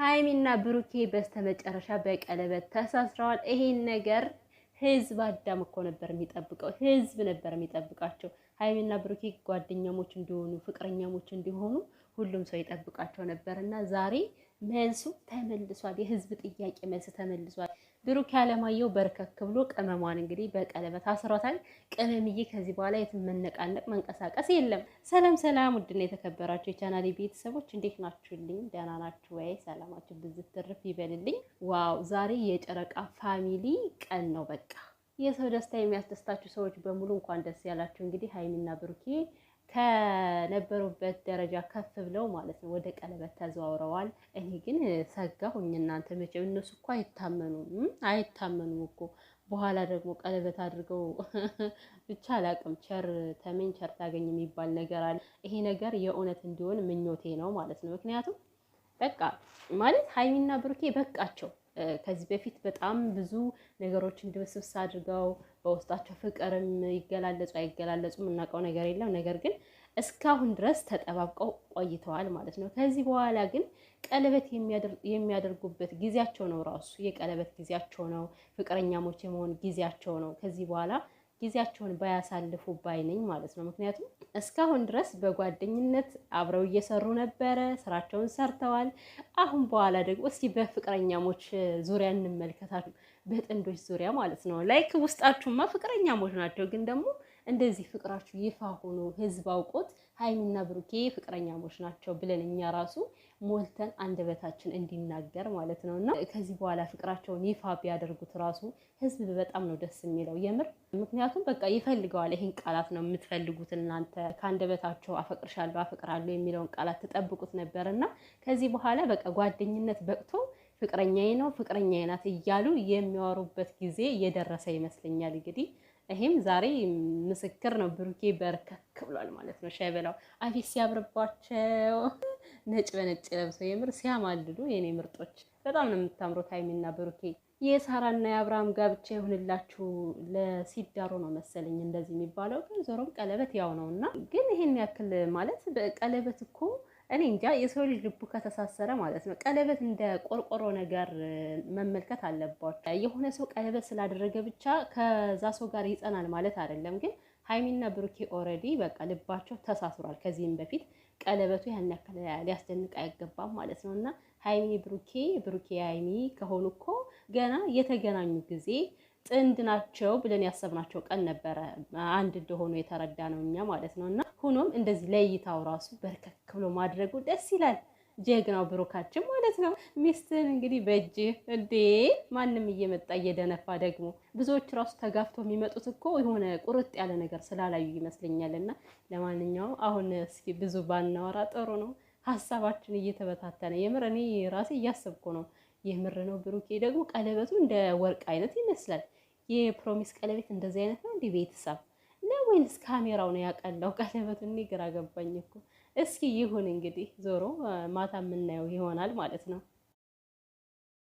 ሀይሚና ብሩኬ በስተመጨረሻ በቀለበት ተሳስረዋል። ይሄን ነገር ህዝብ አዳም እኮ ነበር የሚጠብቀው፣ ህዝብ ነበር የሚጠብቃቸው። ሀይሚና ብሩኬ ጓደኛሞች እንዲሆኑ ፍቅረኛሞች እንዲሆኑ ሁሉም ሰው ይጠብቃቸው ነበር እና ዛሬ መልሱ ተመልሷል። የህዝብ ጥያቄ መልስ ተመልሷል። ብሩክ ያለማየሁ በርከክ ብሎ ቅመሟን እንግዲህ በቀለበት አስሯታል። ቅመምዬ ከዚህ በኋላ የትም መነቃነቅ መንቀሳቀስ የለም። ሰላም ሰላም፣ ውድና የተከበራችሁ የቻናሌ ቤተሰቦች እንዴት ናችሁልኝ? ደህና ናችሁ ወይ? ሰላማችሁ ብዝት ትርፍ ይበልልኝ። ዋው ዛሬ የጨረቃ ፋሚሊ ቀን ነው። በቃ የሰው ደስታ የሚያስደስታችሁ ሰዎች በሙሉ እንኳን ደስ ያላችሁ። እንግዲህ ሀይሚና ብሩኬ ከነበሩበት ደረጃ ከፍ ብለው ማለት ነው ወደ ቀለበት ተዘዋውረዋል። እኔ ግን ሰጋሁኝ። እናንተ መቼም እነሱ እኮ አይታመኑም አይታመኑም እኮ በኋላ ደግሞ ቀለበት አድርገው ብቻ አላቅም። ቸር ተመኝ ቸር ታገኝ የሚባል ነገር አለ። ይሄ ነገር የእውነት እንዲሆን ምኞቴ ነው ማለት ነው። ምክንያቱም በቃ ማለት ሀይሚና ብሩኬ በቃቸው። ከዚህ በፊት በጣም ብዙ ነገሮች እንድብስብስ አድርገው በውስጣቸው ፍቅርም ይገላለጹ አይገላለጹ የምናውቀው ነገር የለም። ነገር ግን እስካሁን ድረስ ተጠባብቀው ቆይተዋል ማለት ነው። ከዚህ በኋላ ግን ቀለበት የሚያደርጉበት ጊዜያቸው ነው። ራሱ የቀለበት ጊዜያቸው ነው። ፍቅረኛሞች የመሆን ጊዜያቸው ነው። ከዚህ በኋላ ጊዜያቸውን ባያሳልፉ ባይ ነኝ ማለት ነው። ምክንያቱም እስካሁን ድረስ በጓደኝነት አብረው እየሰሩ ነበረ፣ ስራቸውን ሰርተዋል። አሁን በኋላ ደግሞ እስቲ በፍቅረኛሞች ዙሪያ እንመልከታችሁ፣ በጥንዶች ዙሪያ ማለት ነው። ላይክ ውስጣችሁማ ፍቅረኛሞች ናቸው ግን ደግሞ እንደዚህ ፍቅራችሁ ይፋ ሆኖ ህዝብ አውቆት ሀይሚና ብሩኬ ፍቅረኛሞች ናቸው ብለን እኛ ራሱ ሞልተን አንደበታችን እንዲናገር ማለት ነው። እና ከዚህ በኋላ ፍቅራቸውን ይፋ ቢያደርጉት ራሱ ህዝብ በጣም ነው ደስ የሚለው የምር። ምክንያቱም በቃ ይፈልገዋል። ይህን ቃላት ነው የምትፈልጉት እናንተ ከአንደበታቸው አፈቅርሻለሁ፣ አፈቅራለሁ የሚለውን ቃላት ትጠብቁት ነበር እና ከዚህ በኋላ በቃ ጓደኝነት በቅቶ ፍቅረኛዬ ነው ፍቅረኛዬ ናት እያሉ የሚያወሩበት ጊዜ እየደረሰ ይመስለኛል። እንግዲህ ይሄም ዛሬ ምስክር ነው። ብሩኬ በርከክ ብሏል ማለት ነው። ሻይ በላው አፊ ሲያምርባቸው ነጭ በነጭ ለብሰው የምር ሲያማልሉ የኔ ምርጦች በጣም ነው የምታምሩት ሀይሚና ብሩኬ። የሳራና የአብርሃም ጋብቻ የሆንላችሁ ለሲዳሮ ነው መሰለኝ እንደዚህ የሚባለው። ግን ዞሮም ቀለበት ያው ነው እና ግን ይሄን ያክል ማለት ቀለበት እኮ እኔ እንጃ የሰው ልጅ ልቡ ከተሳሰረ ማለት ነው። ቀለበት እንደ ቆርቆሮ ነገር መመልከት አለባቸ የሆነ ሰው ቀለበት ስላደረገ ብቻ ከዛ ሰው ጋር ይጸናል ማለት አይደለም። ግን ሀይሚና ብሩኬ ኦልሬዲ በቃ ልባቸው ተሳስሯል። ከዚህም በፊት ቀለበቱ ያን ያክል ሊያስደንቅ አይገባም ማለት ነው እና ሀይሚ ብሩኬ፣ ብሩኬ ሀይሚ ከሆኑ እኮ ገና የተገናኙ ጊዜ ጥንድ ናቸው ብለን ያሰብናቸው ቀን ነበረ። አንድ እንደሆኑ የተረዳ ነው እኛ ማለት ነው። እና ሆኖም እንደዚህ ለይታው ራሱ በርከክ ብሎ ማድረጉ ደስ ይላል። ጀግናው ብሩካችን ማለት ነው። ሚስትን እንግዲህ በእጅ እንዴ ማንም እየመጣ እየደነፋ ደግሞ ብዙዎች ራሱ ተጋፍቶ የሚመጡት እኮ የሆነ ቁርጥ ያለ ነገር ስላላዩ ይመስለኛል። እና ለማንኛውም አሁን እስኪ ብዙ ባናወራ ጥሩ ነው። ሀሳባችን እየተበታተነ የምር እኔ ራሴ እያሰብኩ ነው የምር ነው። ብሩኬ ደግሞ ቀለበቱ እንደ ወርቅ አይነት ይመስላል። የፕሮሚስ ቀለበት እንደዚህ አይነት ነው። እንዲህ ቤተሰብ ነው ወይንስ ካሜራው ነው ያቀላው ቀለበቱ? እኔ ግራ ገባኝ እኮ። እስኪ ይሁን እንግዲህ ዞሮ ማታ የምናየው ይሆናል ማለት ነው።